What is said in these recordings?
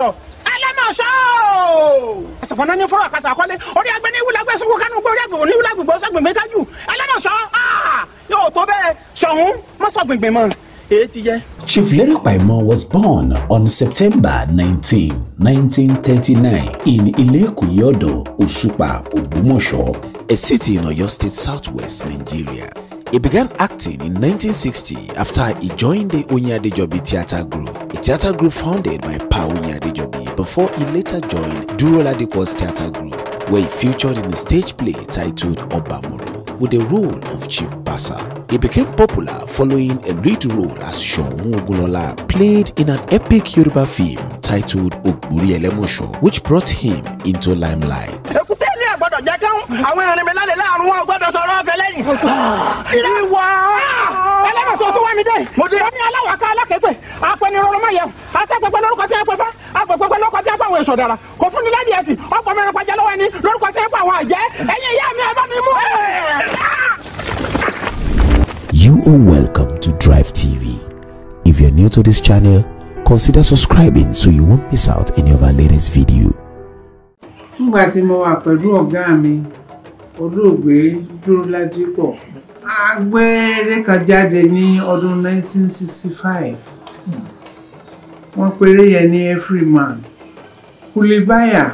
ẹlẹ́mọ̀ṣọ́ ẹ̀sìnfọ̀n náà ní fọ́rọ̀ àkàtà àkọ́lé orí agbẹ́ ní wúlá gbẹ́sùn kánú gbé orí agbègbè ní wúlá gbègbè ọ̀sẹ̀ kájú ẹlẹ́mọ̀ṣọ́ yóò tó bẹ́ẹ̀ ṣọ̀hún mọ́sọ̀ gbègbè mọ́ èyí yẹ. Chief Lere Paimo was born on September nineteen, nineteen thirty nine, in Ilekuyodo, Osupa, Ogbomoso, a city in Oyo State, Southwest Nigeria. He began acting in 1960 after he joined the Onyadejobi Theatre Group, a theatre group founded by Pa Onyadejobi before he later joined Duroladipo's Theatre Group, where he featured in a stage play titled Obamuru with the role of Chief Basa. He became popular following a lead role as Seun Ogunlola played in an epic Yoruba film titled Ogburi Elemosho, which brought him into limelight ìwà ẹlẹ́mọ̀sọ̀ tó wá mi dé. mo dé. lọ́ní aláwàká alákẹ́gbẹ́ apẹnirọ́rọ́ máa yẹ akẹ́gbẹ́gbẹ́ lórúkọ tí a pẹ́ fẹ́ apẹ̀gbẹ́gbẹ́ lórúkọ tí a pẹ́ àwọn èso dára kò fún mi lẹ́dí ẹ̀sì ọkọ̀ mẹ́rin pàjẹ́ lọ́wọ́ ẹni lórúkọ tí a pẹ́ àwọn àjẹ́ ẹ̀yin ìyá mi ẹ mi mú. You are welcome to Drive TV. If you're new to this channel, consider subscribing so you won't miss out any of our latest video. Nígbà tí mo wà pẹ̀lú ọ̀gá mi, olóògbé dúróládípọ̀ agbẹ́rẹ́ kan jáde ní ọdún 1965 wọ́n pèrè yẹn ní everyman kulibaya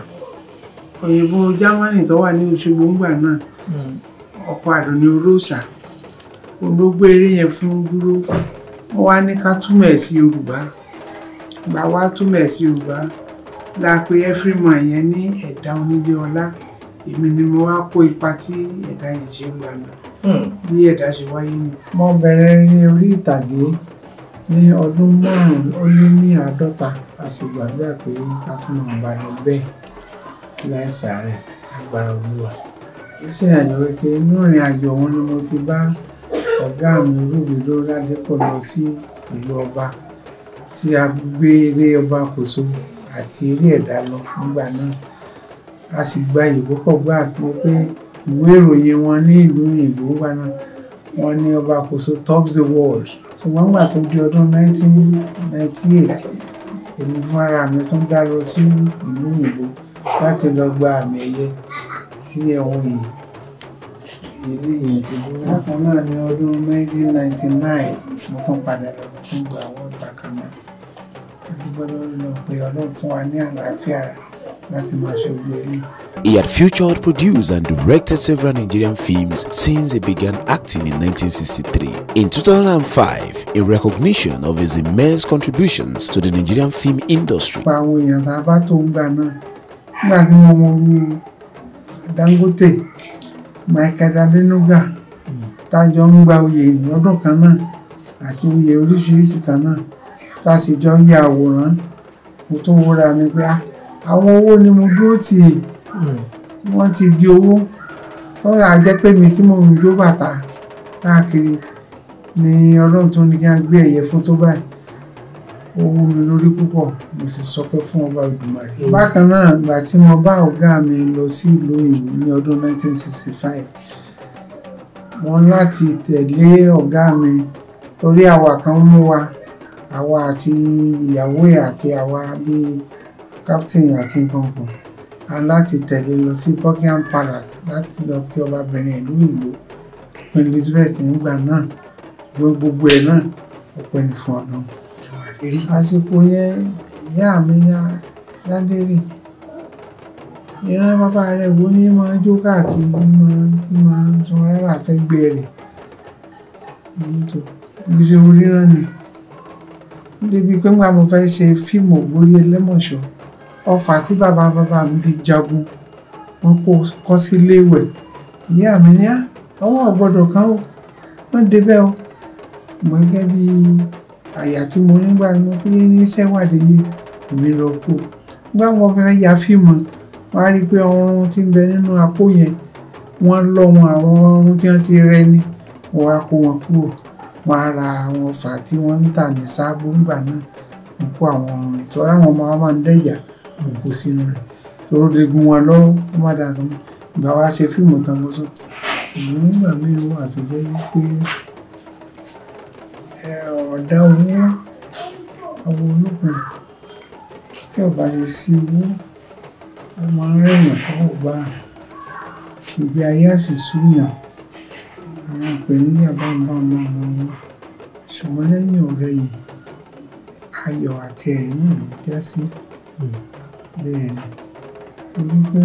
òyìnbó germany tó wà ní Òṣogbo ńgbà náà ọkọ àdùnní olóòṣà olóògbé eré yẹn fún dúró wọ́n wá ní ká túmọ̀ ẹ̀ sí Yorùbá gbà wá túmọ̀ ẹ̀ sí Yorùbá la pè everyman yẹn ní ẹ̀dá onílé ọlá èmi ni mo wá kó ipa tí ẹ̀dá yẹn ṣe ń gbà náà hmm. bí ẹ̀dá ṣe wáyé ni. mo bẹ̀rẹ̀ ní orí ìtàgé ní ọdún márùn-ún ó lé ní àádọ́ta a sì gbàdúrà pé a ti máa bá lọ bẹ́ẹ̀ láìsà rẹ̀ agbára olúwa. iṣẹ́ àjọ wípé inú ìrìn àjò òun ni mo ti bá ọ̀gá mi olúgbèdó ládépọ̀ lọ sí ìlú ọba tí a gbé eré ọba kòso àti eré ẹ̀dá lọ nígbà náà a sì gba ìbò pọ̀ gbá àfihàn pé ìwé ìròyìn wọn ní ìlú ìbò wà náà wọn ní ọba àkóso top the world ṣùgbọ́n nígbà tó di ọdún 1998 èmi fúnra mi tún dá lọ sí ìlú ìbò láti lọ gba àmì ẹ̀yẹ sí ẹ̀wọ̀n yìí ìlú ìyẹ̀dùbú lákan náà ní ọdún 1999 mo tún padà lọ fún gba àwọn ìgbà kan náà a dúpẹ́ lórí lọ pé ọlọ́run fún wa ní àlàáfíà rẹ̀ láti máa ṣe gbogbo ẹni. He had featured, produced, and directed several Nigerian films since he began acting in 1963. In 2005, in recognition of his immense contributions to the Nigerian film industry. Nípa èèyàn tá tó ń gbà náà, nígbà tí mo mọ orú Dangote, Michael Adenuga, tájọ ń gba oyè lọ́dún kan náà àti oyè oríṣiríṣi kan náà, tá a sì jọ ya àwòrán, mo tún wúra mi pé ah, àwọn owó ni mo dúró tì í hmm. wọ́n ti di owó sọ́ra jẹ́ pé mi tí mò ń jó bàtà káàkiri ni ọlọ́run tó ní kí á gbé ẹ̀yẹ fún tó báyìí ó wú mi lórí púpọ̀ mo sì sọpẹ́ fún ọba Òdùmarè. Hmm. bákan náà ìgbà tí mo bá ọ̀gá mi lọ sí ìlú òyìnbó ní ọdún 1965 mo láti tẹ̀lé ọ̀gá mi torí àwa kan mú wa àwa àti ìyàwó ẹ̀ àti àwa bíi captain àti gbọ̀ngàn a láti tẹ̀lé lọ sí buckingham palace láti lọ kí ọbabìnrin ìlú ìlú queen elizabeth nígbà náà ìwé gbogbo ẹ̀ náà ọpẹ́ ní fún ọ̀nà. àsìkò yẹn ìyá mi ní ládérè ìran bàbá rẹ̀ wo ni máa jó káàkiri máa tí máa ń sun rárá fẹ́ gbé rẹ̀ ìṣòro ríran ni débi pé nígbà mo fẹ́ ṣe fíìmù ògbórí ẹlẹ́mọ̀ṣọ́ ọfà tí bàbá bàbá mi fi jagun wọn kó kọ́ sí léwẹ̀ ìyá mi ní ọwọ́ ọ̀gbọ́dọ̀ kan ó wọ́n débẹ̀ o mọ̀ gẹ́gẹ́ bí àyà tí mo nígbà tí mo pín ní sẹ́wàdìí yìí èmi lọ kó nígbà wọn fẹ́ ya fíìmù wọn á rí i pé ọrùn ti ń bẹ nínú àpò yẹn wọ́n lọ́ wọn àwọn ọrùn tí wọ́n ti rẹ́ ni wọ́n á kó wọn kúrò wọ́n á ra àwọn ọfà tí wọ́n ń tà ní sáàbù ńgbà náà wọ́n kó àwọn ọrùn ìtọ́ra àwọn ọmọ máa ń dẹ́jà mo kó sínú rẹ̀ tóró degun wọn lọ́rùn ó má dàá kan ìgbà wa ṣe fíìmù tán kó tó ìlú ìgbà míì wà tó jẹ́ pé ọ̀dà owó àwọn olókùn tí ọba ṣe sí owó wọn máa ń rẹ̀yìn kọ́ ọba ìgbé ayé àṣìṣúyàn àwọn ìpèníjà bá ń bá ọmọ ọmọ wọn ṣùgbọ́n lẹ́yìn ọ̀rẹ́ yìí ayọ̀ àti ẹ̀rín ìlú já sí. Hmm bẹ́ẹ̀ni torí pé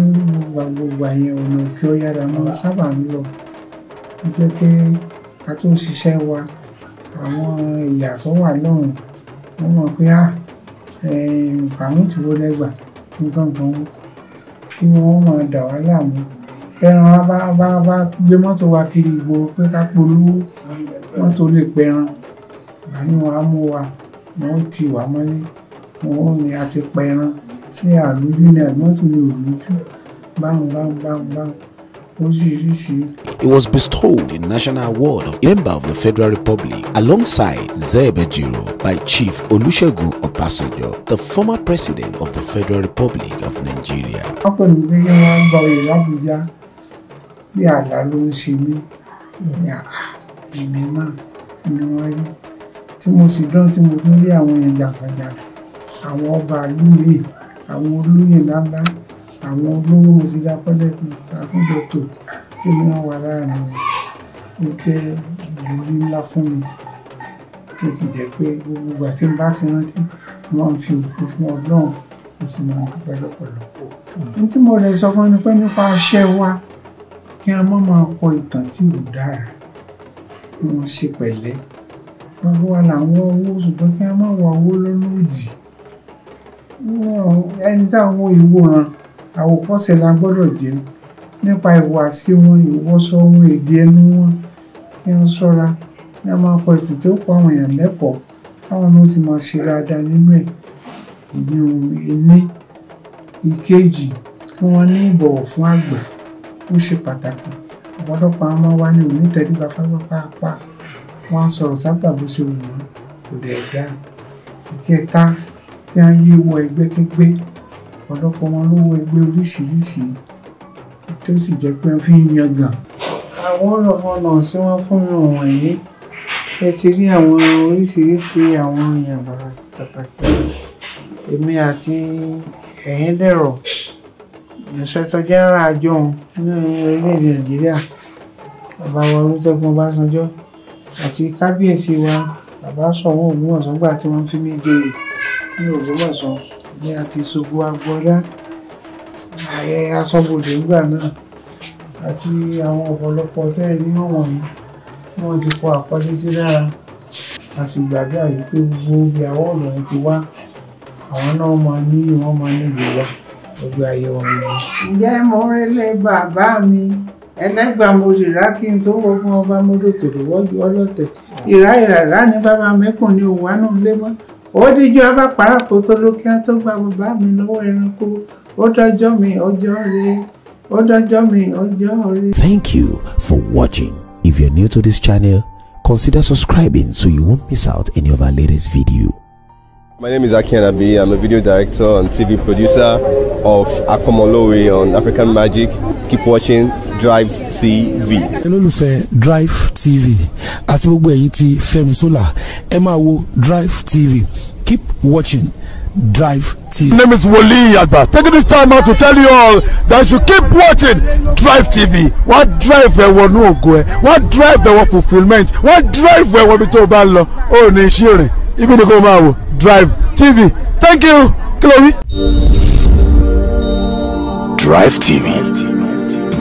gbogbo gbogbo àyẹn ọ̀nà kí ó yára máa sábà ń lọ tó jẹ́ pé ká tó ṣiṣẹ́ wa àwọn ìyà tó wà lọ́rùn wọ́n mọ̀ pé à ah, pàmìtì wo lẹ́gbà nǹkan kan tí wọ́n máa dà wá láàmú ẹran wa bá bá bá gbé mọ́tò wa kiri ìgboro pé ká polówó mọ́tò lè pẹran ìbánú wa mú wa wọ́n ti wà mọ́lé wọ́n ní a ti pẹran ṣé àlójú ni àgbọ̀n tí mi ò báwọn báwọn báwọn báwọn oríṣiríṣi. was bestowed the National Award of Member of the Federal Republic alongside Zebejiro by Chief Olusegun Obasanjo, the former President of the Federal Republic of Nigeria. Ọ̀pọ̀ ní pé kí wọ́n gba oyè l'Abuja bí àlá ló ń ṣe mí ní èmi náà ni wọ́n rí tí mo sì dán tí mo tún rí àwọn èèyàn jàǹkànjàǹkà àwọn ọba ìlú mi àwọn olóyè ńláńlá àwọn olówó mọ̀sídà pẹ́lẹ́kùn tàtúndọ̀tò tí wọ́n wà láàrin ó jẹ́ ìrírí ńlá fún mi tó sì jẹ́ pé gbogbo ìgbà tí n bá ti rántí wọ́n fi òkú fún ọlọ́run mo sì máa dúpẹ́ lọ́pọ̀lọpọ̀. ní tí mo lè sọ fún ẹni pé nípa iṣẹ́ wa kí a má máa kọ ìtàn tí ò dára kí wọ́n ṣe pẹ̀lẹ́ gbogbo wa là owó ṣùgbọ́n kí a má wá owó lọ́nà òdì ẹni tá à ń wo ìwòran àwòkọ́ṣe la gbọ́dọ̀ jẹ́ nípa ìhùwàsí wọn ìwọṣọ wọn èdè ẹnu wọn kí wọ́n ṣọ́ra kí wọ́n máa kọ ẹ̀sìn tó kọ́ àwọn èèyàn lẹ́kọ̀ọ́ káwọn náà sì máa ṣe dáadáa nínú ẹ̀ ìyún ẹni ìkejì kí wọ́n ní ìbọ̀wọ̀ fún àgbà ó ṣe pàtàkì ọ̀pọ̀lọpọ̀ àwọn ọmọ wa ni onítẹ̀ríba pápápá wọn á sọ̀rọ̀ sábà bó ṣe wù wọ́n kò dẹ̀ dáa ìkẹta kí á yé wọ ẹgbẹ́kẹ́gbẹ́ ọ̀pọ̀lọpọ̀ wọn ló wọ ẹgbẹ́ oríṣiríṣi tó sì jẹ́ pé wọ́n fi ń yangàn. àwọn ọ̀rọ̀ wọn náà tí wọ́n fún mi ọ̀wọ̀n yìí ẹ ti rí àwọn oríṣiríṣi àwọn èèyàn pàtàkì pàtàkì èmi àti ẹ̀yìn dẹ̀rọ̀ ìṣẹ́sọ jẹ́rán àjọ ní orílẹ̀-èdè nàìjíríà bàbá wa olùṣègùn ọbásanjọ́ àti kábíyèsí wa bàbá sọ̀wọ́n ògbómọ̀ṣọ́gbà tí wọ́n fi mí joyè ní Ògbómọ̀ṣọ́ ní àti Ṣògo Agbọ́dá ààrẹ aṣọ́bodè ńgbà náà àti àwọn ọ̀pọ̀lọpọ̀ tẹ́ẹ̀rí wọ̀nyí tí wọ́n ti kọ àkọlé sí dára a sì gbàdúrà yìí pé gbogbo ibi àwọn ọ̀dọ́rin ti wá àwọn náà máa ní wọ́n máa ní ìgbéyà gbogbo ayé wọn ni. ǹjẹ́ mo rẹ́lẹ̀ bàbá mi ẹlẹ́gbàá mo lè rà kí n tó wọgbọ́n ọba mo lò tòlówọ́jú ọlọ́tẹ̀ ìrá ìràrá ní bàbá mẹ́kùn ní òwánú lé mọ́ ó díjọ́ abá parapọ̀ tó lókè á tó gba bàbá mi lọ́wọ́ ẹranko ó dọjọ́ mi ọjọ́ rẹ ó dọjọ́ mi ọjọ́ rẹ. Thank you for watching. If you're new to this channel, consider subscribing so you won't miss out any of our latest video. My name is Aki Anabi. I'm a video director and TV producer of Akomolowe on African Magic. Keep watching drive tv. olólùfẹ́ drive tv àti gbogbo ẹ̀yin ti Fẹ́mi Sola ẹ máa wo drive tv keep watching drive tv. my name is Wole Agba taking this time out to tell you all that you keep watching drive tv wọ́n drive ẹ̀ wọnú ògo ẹ̀ wọ́n drive ẹ̀ wọ fulfilment wọ́n drive ẹ̀ wọnú tó o bá ń lọ ó ní iṣẹ́ rìn ibi ni kò máa wò drive tv thank you kí ló rí. drive tv.